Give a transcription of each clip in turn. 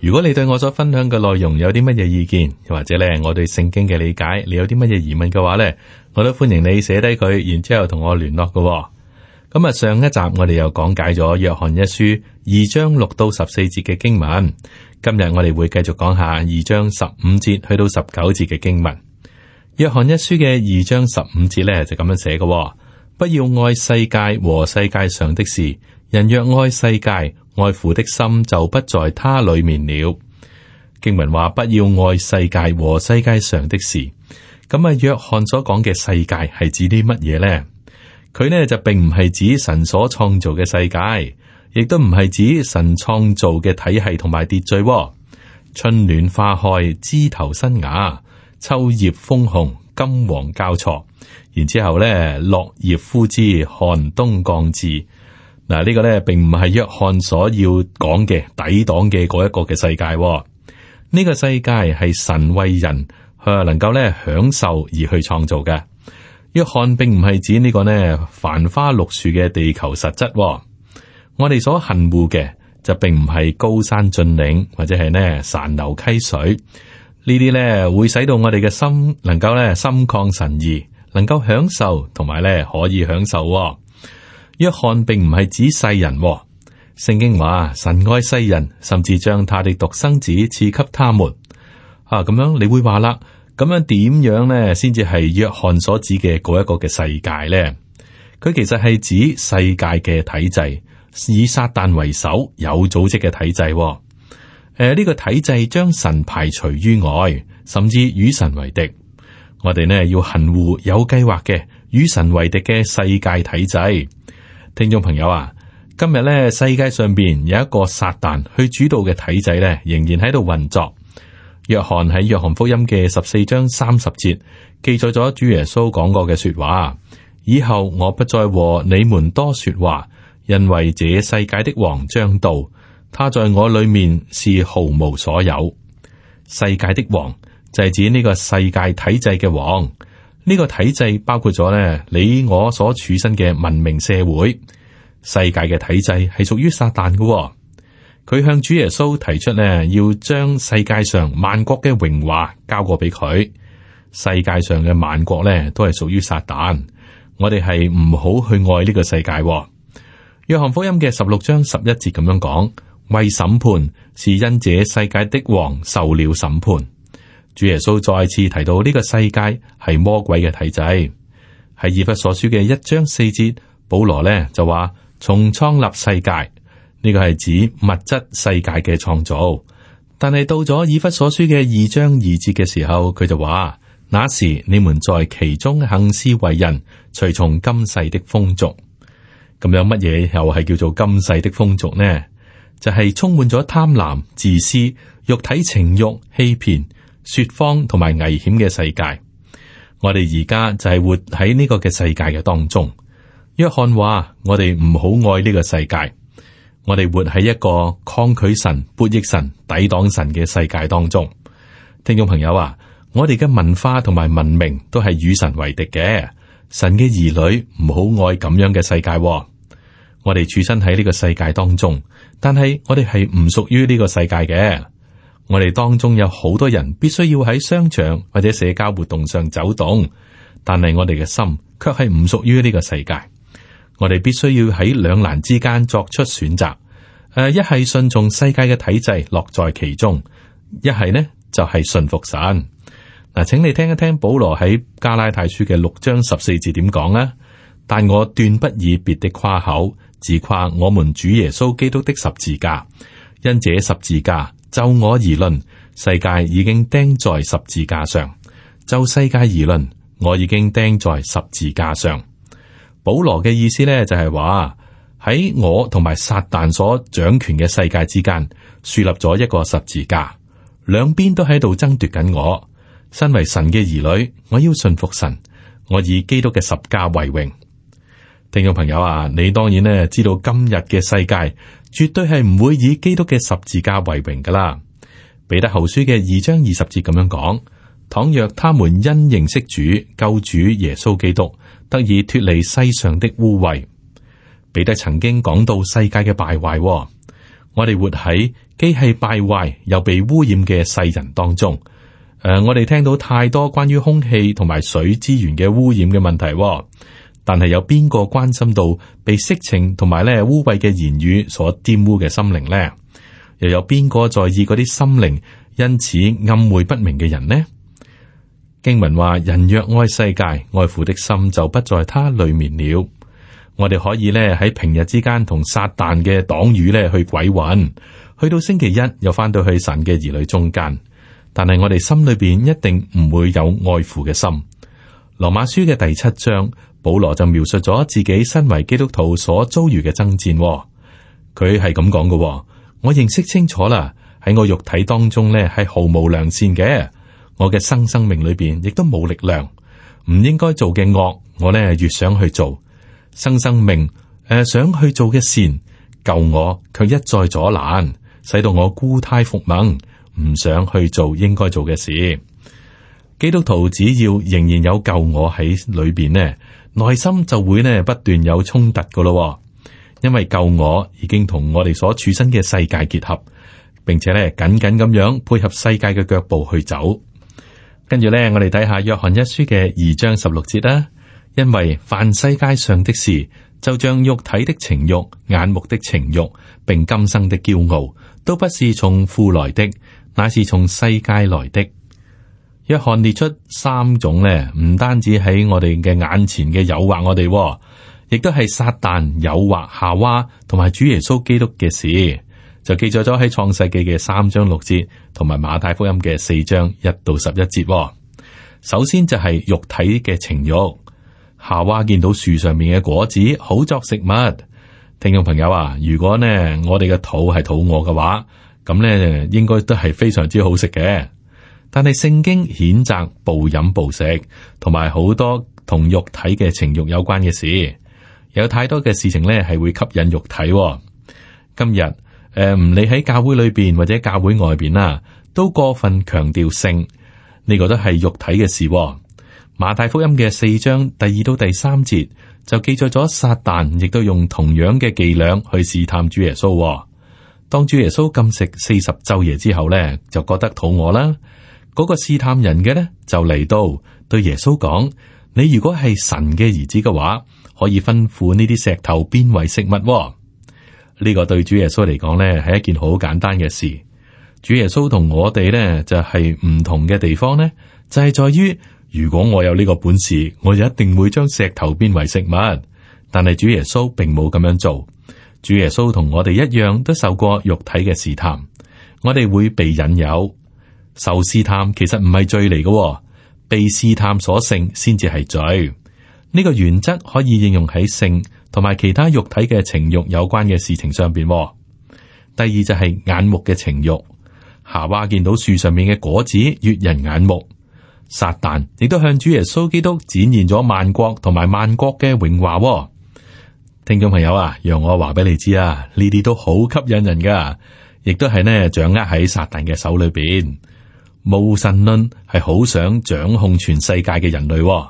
如果你對我所分享嘅內容有啲乜嘢意見，或者咧，我對聖經嘅理解，你有啲乜嘢疑問嘅話咧，我都歡迎你寫低佢，然之後同我聯絡嘅。咁啊，上一集我哋又講解咗約翰一書二章六到十四節嘅經文，今日我哋會繼續講下二章十五節去到十九節嘅經文。約翰一書嘅二章十五節咧就咁樣寫嘅，哦，不要愛世界和世界上的事，人若愛世界，愛父的心就不在它裏面了。經文話不要愛世界和世界上的事。咁啊，約翰所講嘅世界係指啲乜嘢呢？佢呢就並唔係指神所創造嘅世界，亦都唔係指神創造嘅體系同埋秩序、哦。春暖花開，枝頭新芽；秋葉楓紅，金黃交錯。然之後呢，落葉枯枝，寒冬降至。嗱，呢個咧並唔係約翰所要講嘅抵擋嘅嗰一個嘅世界，呢個世界係、哦這個、神為人啊能夠咧享受而去創造嘅。約翰並唔係指呢個呢繁花綠樹嘅地球實質、哦，我哋所恨惡嘅就並唔係高山峻嶺或者係呢潺流溪水呢啲咧，會使到我哋嘅心能夠咧心曠神怡，能夠享受同埋咧可以享受、哦。約翰並唔係指世人、哦，聖經話神愛世人，甚至將他的獨生子賜給他們。啊，咁樣你會話啦，咁樣點樣咧，先至係約翰所指嘅嗰一個嘅世界咧？佢其實係指世界嘅體制，以撒旦為首，有組織嘅體制、哦。誒、呃、呢、這個體制將神排除於外，甚至與神為敵。我哋咧要行護有計劃嘅與神為敵嘅世界體制。聽眾朋友啊，今日咧，世界上邊有一個撒旦去主導嘅體制咧，仍然喺度運作。約翰喺約翰福音嘅十四章三十節記載咗主耶穌講過嘅說話：以後我不再和你們多說話，因為這世界的王將到，他在我裏面是毫無所有。世界的王就係指呢個世界體制嘅王。呢個體制包括咗咧，你我所處身嘅文明社會，世界嘅體制係屬於撒旦嘅喎。佢向主耶穌提出呢，要將世界上萬國嘅榮華交過俾佢。世界上嘅萬國咧，都係屬於撒旦。我哋係唔好去愛呢個世界喎。約翰福音嘅十六章十一節咁樣講：為審判，是因這世界的王受了審判。主耶穌再次提到呢個世界係魔鬼嘅體制，喺《以弗所書》嘅一章四節。保羅呢就話從創立世界呢、這個係指物質世界嘅創造，但係到咗以弗所書嘅二章二節嘅時候，佢就話那時你們在其中，行事為人隨從今世的風俗。咁樣乜嘢又係叫做今世的風俗呢？就係、是、充滿咗貪婪、自私、肉體情欲、欺騙。說謊同埋危險嘅世界，我哋而家就係活喺呢個嘅世界嘅當中。約翰話：我哋唔好愛呢個世界，我哋活喺一個抗拒神、背逆神、抵擋神嘅世界當中。聽眾朋友啊，我哋嘅文化同埋文明都係與神為敵嘅。神嘅兒女唔好愛咁樣嘅世界。我哋處身喺呢個世界當中，但係我哋係唔屬於呢個世界嘅。我哋當中有好多人必須要喺商場或者社交活動上走動，但係我哋嘅心卻係唔屬於呢個世界。我哋必須要喺兩難之間作出選擇。誒、呃，一係信從世界嘅體制，樂在其中；一係呢就係、是、信服神嗱、呃。請你聽一聽保羅喺加拉太書嘅六章十四節點講啦。但我斷不以別的誇口，自誇我們主耶穌基督的十字架，因這十字架。就我而論，世界已經釘在十字架上；就世界而論，我已經釘在十字架上。保羅嘅意思咧就係話喺我同埋撒旦所掌權嘅世界之間樹立咗一個十字架，兩邊都喺度爭奪緊我。身為神嘅兒女，我要信服神，我以基督嘅十架為榮。聽眾朋友啊，你當然咧知道今日嘅世界絕對係唔會以基督嘅十字架為榮噶啦。彼得後書嘅二章二十節咁樣講：倘若他們因認識主、救主耶穌基督，得以脫離世上的污穢。彼得曾經講到世界嘅敗壞，哦，我哋活喺機器敗壞又被污染嘅世人當中。誒、呃，我哋聽到太多關於空氣同埋水資源嘅污染嘅問題，哦。但係有邊個關心到被色情同埋咧污穢嘅言語所玷污嘅心靈呢？又有邊個在意嗰啲心靈因此暗昧不明嘅人呢？經文話：人若愛世界，愛父的心就不在他裏面了。我哋可以咧喺平日之間同撒旦嘅黨羽咧去鬼混，去到星期一又翻到去神嘅兒女中間。但係我哋心裏邊一定唔會有愛父嘅心。羅馬書嘅第七章。保羅就描述咗自己身為基督徒所遭遇嘅爭戰、哦。佢係咁講嘅：我認識清楚啦，喺我肉體當中咧係毫無良善嘅，我嘅生生命裏邊亦都冇力量，唔應該做嘅惡我咧越想去做，生生命誒、呃、想去做嘅善舊我，卻一再阻攔，使到我故態復萌唔想去做應該做嘅事。基督徒只要仍然有舊我喺裏邊咧。內心就會咧不斷有衝突噶咯，因為舊我已經同我哋所處身嘅世界結合，並且咧緊緊咁樣配合世界嘅腳步去走。跟住呢，我哋睇下約翰一書嘅二章十六節啦。因為凡世界上的事，就像肉體的情欲、眼目的情欲，並今生的驕傲，都不是從父來的，乃是從世界來的。一看列出三種咧，唔單止喺我哋嘅眼前嘅誘惑我哋，亦都係撒旦誘惑夏娃同埋主耶穌基督嘅事，就記載咗喺創世紀嘅三章六節，同埋馬太福音嘅四章一到十一節。首先就係肉體嘅情欲，夏娃見到樹上面嘅果子好作食物。聽眾朋友啊，如果呢我哋嘅肚係肚餓嘅話，咁呢應該都係非常之好食嘅。但係聖經譴責暴飲暴食，同埋好多同肉體嘅情慾有關嘅事，有太多嘅事情咧係會吸引肉體、哦。今日誒，唔理喺教會裏邊或者教會外邊啦，都過分強調性，呢個都係肉體嘅事、哦。馬太福音嘅四章第二到第三節就記載咗撒旦亦都用同樣嘅伎倆去試探主耶穌、哦。當主耶穌禁食四十晝夜之後呢，就覺得肚餓啦。嗰個試探人嘅咧，就嚟到對耶穌講：你如果係神嘅兒子嘅話，可以吩咐呢啲石頭變為食物哦。呢個對主耶穌嚟講咧，係一件好簡單嘅事。主耶穌同我哋咧就係唔同嘅地方咧，就係在於：如果我有呢個本事，我就一定會將石頭變為食物。但係主耶穌並冇咁樣做。主耶穌同我哋一樣，都受過肉體嘅試探，我哋會被引誘。受試探其實唔係罪嚟嘅，被試探所勝先至係罪。呢個原則可以應用喺性同埋其他肉體嘅情欲有關嘅事情上邊。第二就係眼目嘅情欲，夏娃見到樹上面嘅果子悦人眼目。撒旦亦都向主耶穌基督展現咗萬國同埋萬國嘅榮華。聽眾朋友啊，讓我話俾你知啊，呢啲都好吸引人噶亦都係咧掌握喺撒旦嘅手裏邊。無神論係好想掌控全世界嘅人類哦。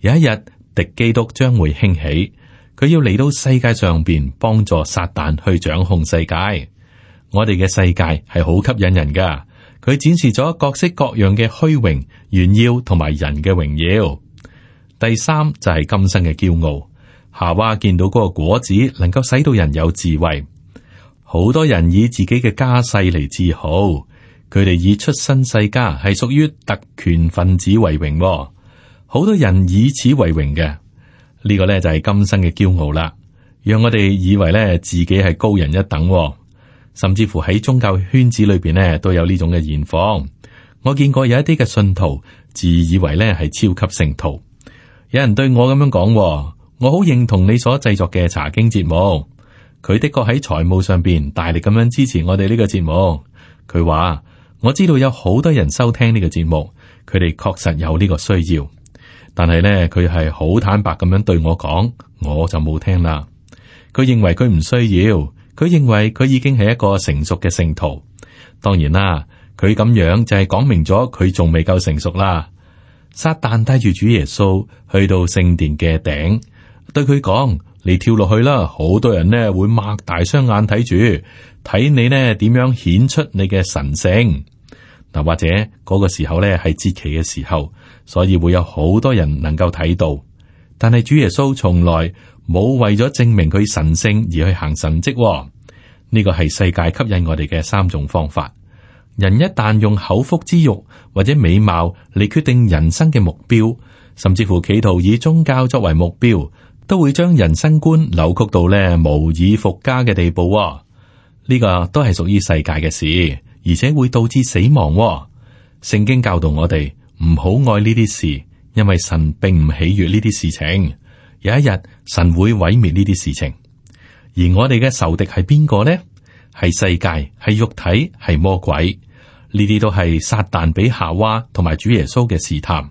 有一日，敵基督將會興起，佢要嚟到世界上邊幫助撒旦去掌控世界。我哋嘅世界係好吸引人噶，佢展示咗各式各樣嘅虛榮、炫耀同埋人嘅榮耀。第三就係今生嘅驕傲。夏娃見到嗰個果子，能夠使到人有智慧，好多人以自己嘅家世嚟自豪。佢哋以出身世家係屬於特權分子為榮，好多人以此為榮嘅。呢、這個呢，就係今生嘅驕傲啦，讓我哋以為呢，自己係高人一等，甚至乎喺宗教圈子裏邊咧都有呢種嘅現況。我見過有一啲嘅信徒自以為呢係超級聖徒，有人對我咁樣講，我好認同你所製作嘅查經節目，佢的確喺財務上邊大力咁樣支持我哋呢個節目，佢話。我知道有好多人收聽呢個節目，佢哋確實有呢個需要，但係咧，佢係好坦白咁樣對我講，我就冇聽啦。佢認為佢唔需要，佢認為佢已經係一個成熟嘅聖徒。當然啦，佢咁樣就係講明咗佢仲未夠成熟啦。撒旦帶住主耶穌去到聖殿嘅頂，對佢講。你跳落去啦！好多人呢會擘大雙眼睇住，睇你呢點樣顯出你嘅神聖。嗱，或者嗰個時候呢係節期嘅時候，所以會有好多人能夠睇到。但係主耶穌從來冇為咗證明佢神聖而去行神蹟。呢個係世界吸引我哋嘅三種方法。人一旦用口腹之欲或者美貌嚟決定人生嘅目標，甚至乎企圖以宗教作為目標，都會將人生觀扭曲到咧，無以復加嘅地步喎！呢個都係屬於世界嘅事，而且會導致死亡喎。聖經教導我哋唔好愛呢啲事，因為神並唔喜悅呢啲事情。有一日神會毀滅呢啲事情。而我哋嘅仇敵係邊個呢？係世界，係肉體，係魔鬼。呢啲都係撒旦俾夏娃同埋主耶穌嘅試探。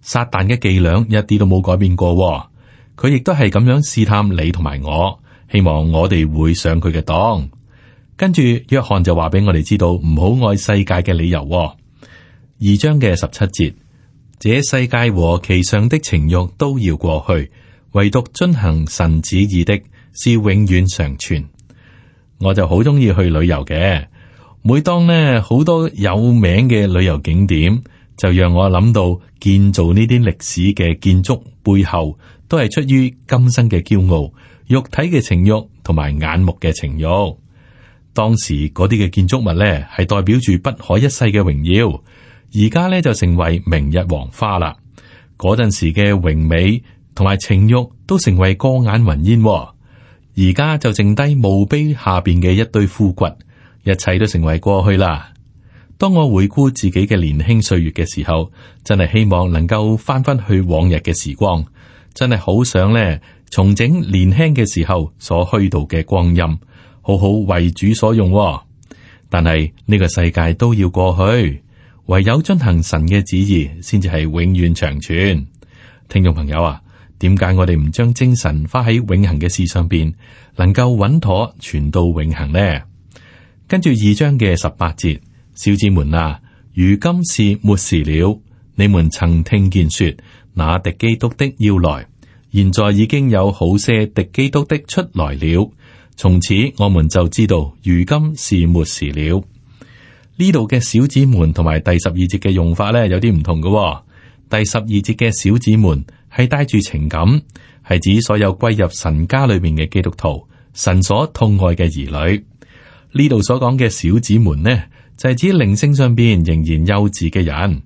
撒旦嘅伎倆一啲都冇改變過喎。佢亦都係咁樣試探你同埋我，希望我哋會上佢嘅當。跟住，約翰就話俾我哋知道唔好愛世界嘅理由哦。二章嘅十七節，這世界和其上的情慾都要過去，唯獨遵行神旨意的是永遠常存。我就好中意去旅遊嘅，每當呢好多有名嘅旅遊景點，就讓我諗到建造呢啲歷史嘅建築背後，都係出於今生嘅驕傲，肉體嘅情慾同埋眼目嘅情慾。當時嗰啲嘅建築物咧，係代表住不可一世嘅榮耀。而家咧就成為明日黃花啦。嗰陣時嘅榮美同埋情慾都成為過眼雲煙，哦，而家就剩低墓碑下邊嘅一堆枯骨，一切都成為過去啦。當我回顧自己嘅年輕歲月嘅時候，真係希望能夠翻翻去往日嘅時光。真係好想咧，重整年輕嘅時候所虛度嘅光陰，好好為主所用、哦。但係呢、這個世界都要過去，唯有遵行神嘅旨意，先至係永遠長存。聽眾朋友啊，點解我哋唔將精神花喺永恆嘅事上邊，能夠穩妥傳到永恆呢？跟住二章嘅十八節，小子們啊，如今是末時了。你們曾聽見說，那敵基督的要來，現在已經有好些敵基督的出來了。從此我們就知道，如今是末時了。呢度嘅小子們同埋第十二節嘅用法咧，有啲唔同嘅、哦。第十二節嘅小子們係帶住情感，係指所有歸入神家裏面嘅基督徒，神所痛愛嘅兒女。呢度所講嘅小子們呢，就係、是、指靈性上邊仍然幼稚嘅人，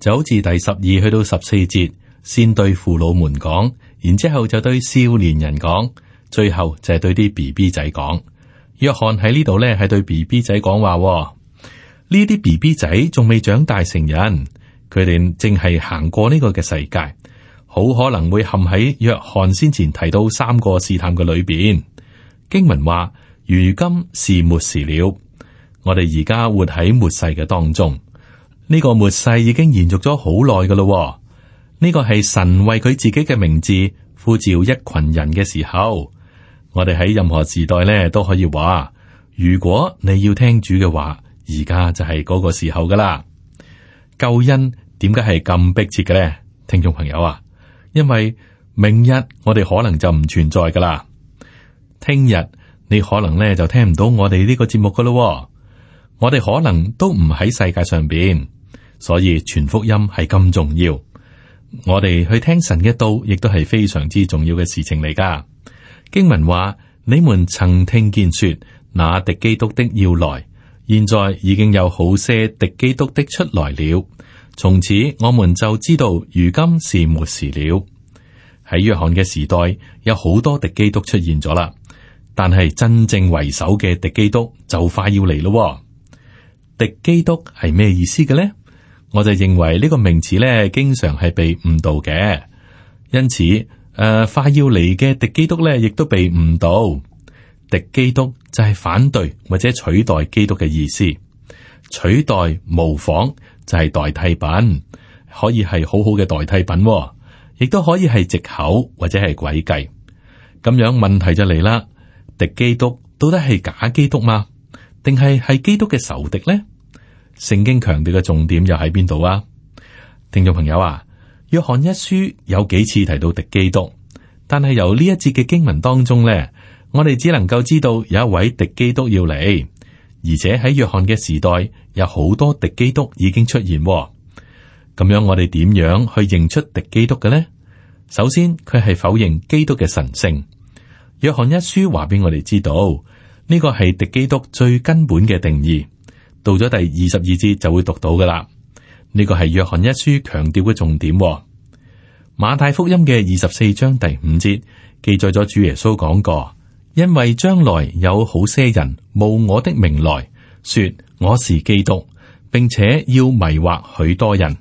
就好似第十二去到十四節。先對父老們講，然之後就對少年人講，最後就係對啲 B B 仔講。約翰喺呢度咧，係對 B B 仔講話、哦。呢啲 B B 仔仲未長大成人，佢哋淨係行過呢個嘅世界，好可能會陷喺約翰先前提到三個試探嘅裏邊。經文話，如今是末時了，我哋而家活喺末世嘅當中，呢個末世已經延續咗好耐噶啦。呢個係神為佢自己嘅名字呼召一群人嘅時候，我哋喺任何時代咧都可以話：如果你要聽主嘅話，而家就係嗰個時候噶啦。救恩點解係咁迫切嘅咧？聽眾朋友啊，因為明日我哋可能就唔存在噶啦，聽日你可能咧就聽唔到我哋呢個節目噶咯，我哋可能都唔喺世界上邊，所以全福音係咁重要。我哋去聽神嘅道，亦都係非常之重要嘅事情嚟噶。經文話：你們曾聽見說，那敵基督的要來，現在已經有好些敵基督的出來了。從此，我們就知道如今是末時了。喺約翰嘅時代，有好多敵基督出現咗啦，但係真正為首嘅敵基督就快要嚟咯。敵基督係咩意思嘅呢？我就認為呢個名詞呢，經常係被誤導嘅，因此誒，快、呃、要嚟嘅敵基督呢，亦都被誤導。敵基督就係反對或者取代基督嘅意思，取代模仿就係代替品，可以係好好嘅代替品，哦，亦都可以係藉口或者係詭計。咁樣問題就嚟啦，敵基督到底係假基督嘛？定係係基督嘅仇敵呢？聖經強調嘅重點又喺邊度啊？聽眾朋友啊，約翰一書有幾次提到敵基督，但係由呢一節嘅經文當中呢，我哋只能夠知道有一位敵基督要嚟，而且喺約翰嘅時代有好多敵基督已經出現。咁樣我哋點樣去認出敵基督嘅呢？首先佢係否認基督嘅神聖。約翰一書話俾我哋知道，呢個係敵基督最根本嘅定義。到咗第二十二節就會讀到噶啦。呢個係約翰一書強調嘅重點、哦。馬太福音嘅二十四章第五節記載咗主耶穌講過，因為將來有好些人冒我的名來說我是基督，並且要迷惑許多人。呢、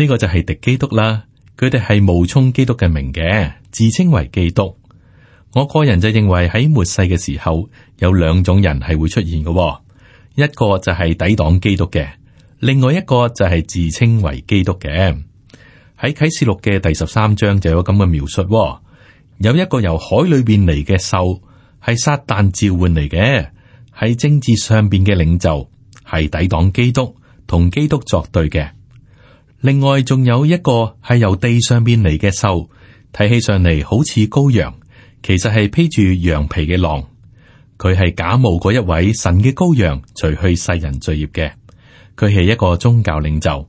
這個就係敵基督啦。佢哋係冒充基督嘅名嘅，自稱為基督。我個人就認為喺末世嘅時候有兩種人係會出現噶、哦。一個就係抵擋基督嘅，另外一個就係自稱為基督嘅。喺啟示錄嘅第十三章就有咁嘅描述，哦，有一個由海裏邊嚟嘅獸，係撒旦召喚嚟嘅，係政治上邊嘅領袖，係抵擋基督同基督作對嘅。另外仲有一個係由地上邊嚟嘅獸，睇起上嚟好似羔羊，其實係披住羊皮嘅狼。佢係假冒嗰一位神嘅羔羊，除去世人罪孽嘅。佢係一個宗教領袖，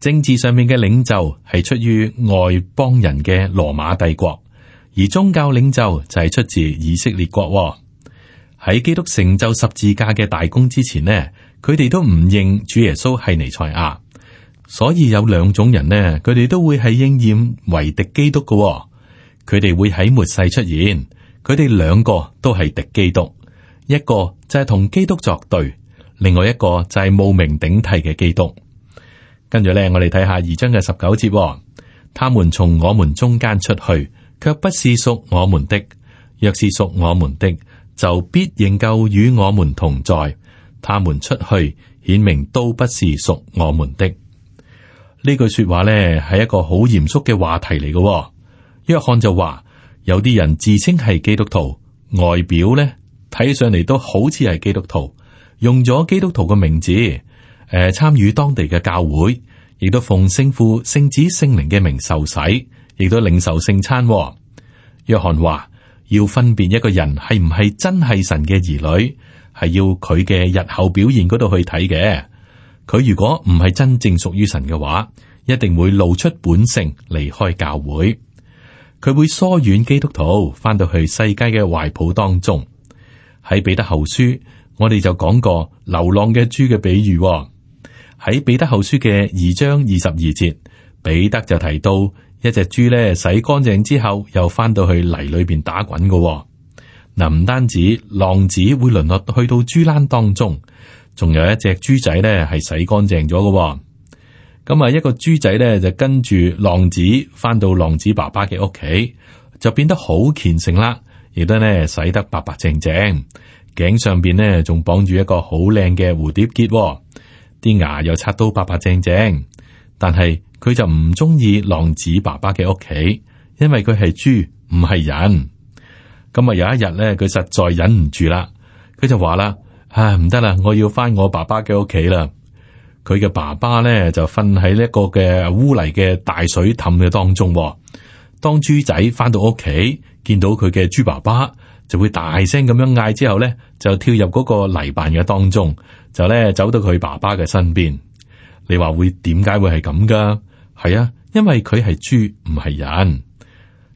政治上面嘅領袖係出於外邦人嘅羅馬帝國，而宗教領袖就係出自以色列國。喺基督成就十字架嘅大功之前呢，佢哋都唔認主耶穌係彌賽亞，所以有兩種人呢，佢哋都會係應驗為敵基督嘅。佢哋會喺末世出現。佢哋兩個都係敵基督，一個就係同基督作對，另外一個就係冒名頂替嘅基督。跟住咧，我哋睇下二章嘅十九節、哦，他們從我們中間出去，卻不是屬我們的；若是屬我們的，就必仍舊與我們同在。他們出去，顯明都不是屬我們的。句呢句說話咧，係一個好嚴肅嘅話題嚟嘅、哦。約翰就話。有啲人自稱係基督徒，外表咧睇上嚟，都好似係基督徒，用咗基督徒嘅名字，誒、呃、參與當地嘅教會，亦都奉聖父、聖子、聖靈嘅名受洗，亦都領受聖餐、哦。約翰話要分辨一個人係唔係真係神嘅兒女，係要佢嘅日後表現嗰度去睇嘅。佢如果唔係真正屬於神嘅話，一定會露出本性離開教會。佢會疏遠基督徒，翻到去世界嘅懷抱當中。喺彼得後書，我哋就講過流浪嘅豬嘅比喻。喺彼得後書嘅二章二十二節，彼得就提到一隻豬咧洗乾淨之後，又翻到去泥裏邊打滾嘅。嗱、啊，唔單止浪子會淪落去到豬欄當中，仲有一隻豬仔咧係洗乾淨咗嘅。咁啊，一個豬仔咧就跟住浪子翻到浪子爸爸嘅屋企，就變得好虔誠啦，亦都咧洗得白白淨淨，頸上邊咧仲綁住一個好靚嘅蝴蝶結，啲牙又刷到白白淨淨。但係佢就唔中意浪子爸爸嘅屋企，因為佢係豬唔係人。咁啊有一日咧，佢實在忍唔住啦，佢就話啦：唉，唔得啦，我要翻我爸爸嘅屋企啦。佢嘅爸爸咧就瞓喺呢一個嘅污泥嘅大水凼嘅當中，哦。當豬仔返到屋企，見到佢嘅豬爸爸，就會大聲咁樣嗌，之後咧，就跳入嗰個泥湴嘅當中，就咧走到佢爸爸嘅身邊。你話會點解會係咁㗎？係啊，因為佢係豬，唔係人。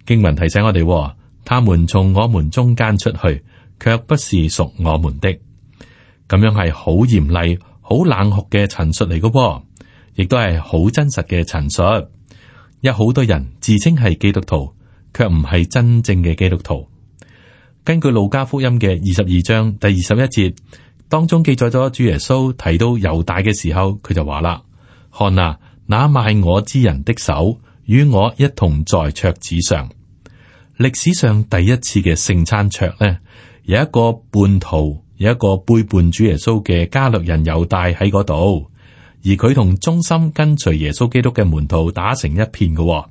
經文提醒我哋，哦，他們從我們中間出去，卻不是屬我們的。咁樣係好嚴厲。好冷酷嘅陳述嚟噶，亦都係好真實嘅陳述。有好多人自稱係基督徒，卻唔係真正嘅基督徒。根據路加福音嘅二十二章第二十一節，當中記載咗主耶穌提到猶大嘅時候，佢就話啦：「看啊，那賣我之人的手與我一同在桌子上。歷史上第一次嘅聖餐桌呢，有一個叛徒。有一個背叛主耶穌嘅加略人猶大喺嗰度，而佢同忠心跟隨耶穌基督嘅門徒打成一片嘅、哦。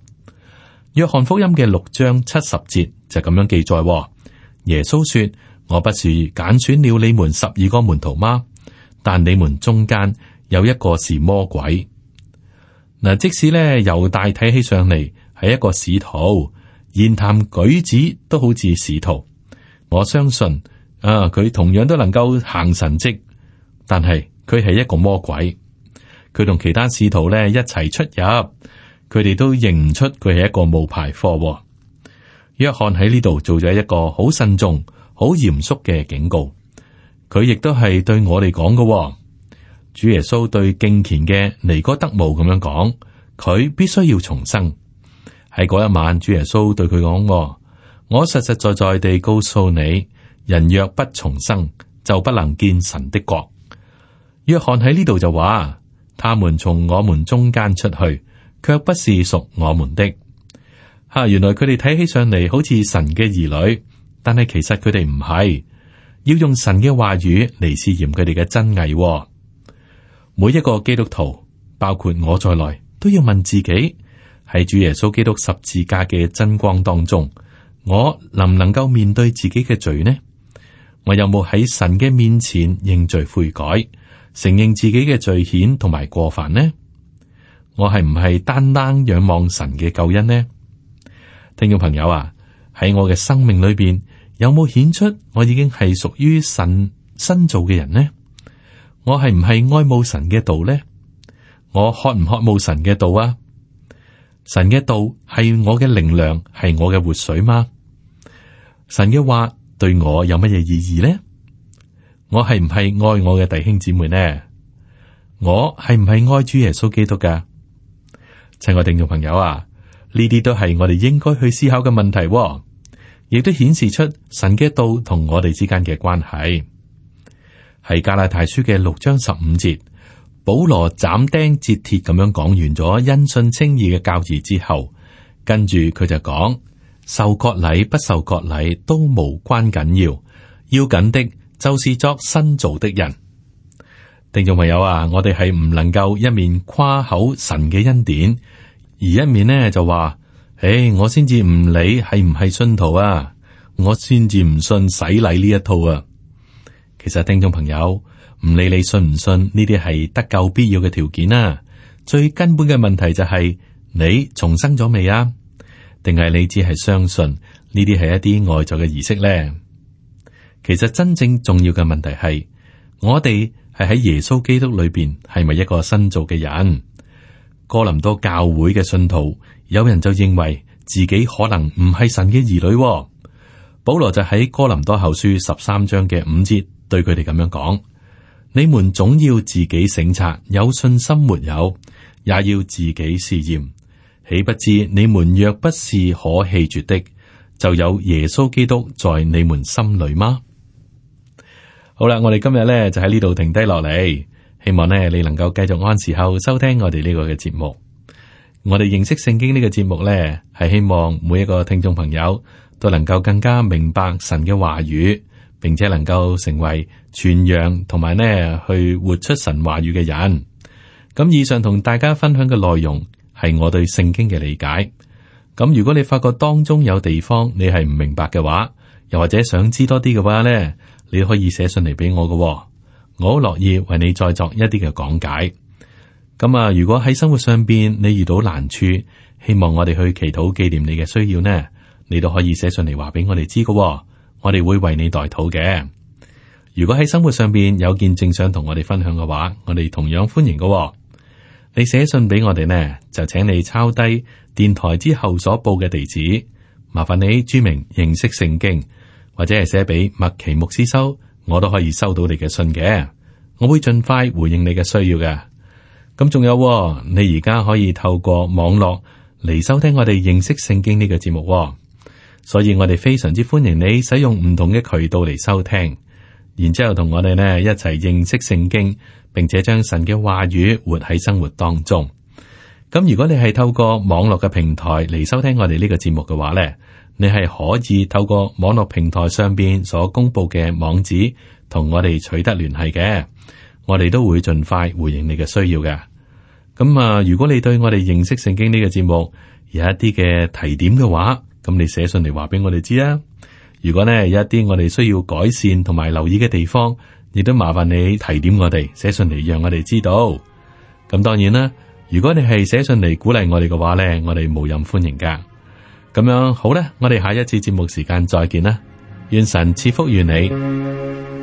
約翰福音嘅六章七十節就咁樣記載、哦：耶穌說，我不是揀選了你們十二個門徒嗎？但你們中間有一個是魔鬼。嗱，即使咧猶大睇起上嚟係一個使徒，言談舉止都好似使徒，我相信。啊！佢同樣都能夠行神蹟，但係佢係一個魔鬼。佢同其他使徒咧一齊出入，佢哋都認唔出佢係一個冒牌貨。約翰喺呢度做咗一個好慎重、好嚴肅嘅警告。佢亦都係對我哋講嘅。主耶穌對敬虔嘅尼哥德慕咁樣講，佢必須要重生。喺嗰一晚，主耶穌對佢講，我實實在在地告訴你。人若不重生，就不能見神的國。約翰喺呢度就話：他們從我們中間出去，卻不是屬我們的。吓啊，原來佢哋睇起上嚟好似神嘅兒女，但係其實佢哋唔係。要用神嘅話語嚟試驗佢哋嘅真偽哦。每一個基督徒，包括我在內，都要問自己：喺主耶穌基督十字架嘅真光當中，我能唔能夠面對自己嘅罪呢？我有冇喺神嘅面前認罪悔改，承認自己嘅罪愆同埋過犯呢？我係唔係單單仰望神嘅救恩呢？聽眾朋友啊，喺我嘅生命裏邊有冇顯出我已經係屬於神新造嘅人呢？我係唔係愛慕神嘅道呢？我渴唔渴慕神嘅道啊？神嘅道係我嘅靈糧，係我嘅活水嗎？神嘅話，對我有乜嘢意義呢？我係唔係愛我嘅弟兄姊妹呢？我係唔係愛主耶穌基督噶？親愛聽眾朋友啊，呢啲都係我哋應該去思考嘅問題，亦都顯示出神嘅道同我哋之間嘅關係。係加拉太書嘅六章十五節，保羅斬釘截鐵咁樣講完咗因信稱義嘅教義之後，跟住佢就講。受割禮不受割禮都無關緊要，要緊的就是作新造的人。聽眾朋友啊，我哋係唔能夠一面誇口神嘅恩典，而一面呢就話：唉，我先至唔理係唔係信徒啊，我先至唔信洗禮呢一套啊。其實聽眾朋友，唔理你信唔信呢啲係得救必要嘅條件啊，最根本嘅問題就係：你重生咗未啊？定係你只係相信呢啲係一啲外在嘅儀式呢？其實真正重要嘅問題係，我哋係喺耶穌基督裏邊係咪一個新造嘅人？哥林多教會嘅信徒，有人就認為自己可能唔係神嘅兒女，哦。保羅就喺哥林多後書十三章嘅五節對佢哋咁樣講：你們總要自己省察，有信心沒有，也要自己試驗。你不知你們若不是可棄絕的，就有耶穌基督在你們心裏嗎？好啦，我哋今日咧就喺呢度停低落嚟，希望咧你能夠繼續按時候收聽我哋呢個嘅節目。我哋認識聖經、這個、呢個節目咧，係希望每一個聽眾朋友都能夠更加明白神嘅話語，並且能夠成為傳揚同埋咧去活出神話語嘅人。咁以上同大家分享嘅內容。係我對聖經嘅理解。咁如果你發覺當中有地方你係唔明白嘅話，又或者想知多啲嘅話呢，你可以寫信嚟俾我嘅，哦，我好樂意爲你再作一啲嘅講解。咁啊，如果喺生活上邊你遇到難處，希望我哋去祈禱紀念你嘅需要呢，你都可以寫信嚟話俾我哋知嘅，我哋會爲你代禱嘅。如果喺生活上邊有見證想同我哋分享嘅話，我哋同樣歡迎嘅，哦。你寫信俾我哋呢，就請你抄低電台之後所報嘅地址，麻煩你注明認識聖經，或者係寫俾麥奇牧師收，我都可以收到你嘅信嘅。我會盡快回應你嘅需要嘅。咁仲有，你而家可以透過網絡嚟收聽我哋認識聖經呢個節目，所以我哋非常之歡迎你使用唔同嘅渠道嚟收聽。然之後同我哋呢，一齊認識聖經，並且將神嘅話語活喺生活當中。咁如果你係透過網絡嘅平台嚟收聽我哋呢個節目嘅話呢,你係可以透過網絡平台上邊所公佈嘅網址同我哋取得聯繫嘅。我哋都會盡快回應你嘅需要嘅。咁啊,如果你對我哋認識聖經呢個節目有一啲嘅提點嘅話,咁你寫信嚟話俾我哋知啊。如果呢有一啲我哋需要改善同埋留意嘅地方，亦都麻煩你提點我哋，寫信嚟讓我哋知道。咁當然啦，如果你係寫信嚟鼓勵我哋嘅話呢，我哋無任歡迎噶。咁樣好啦，我哋下一次節目時間再見啦，願神賜福與你。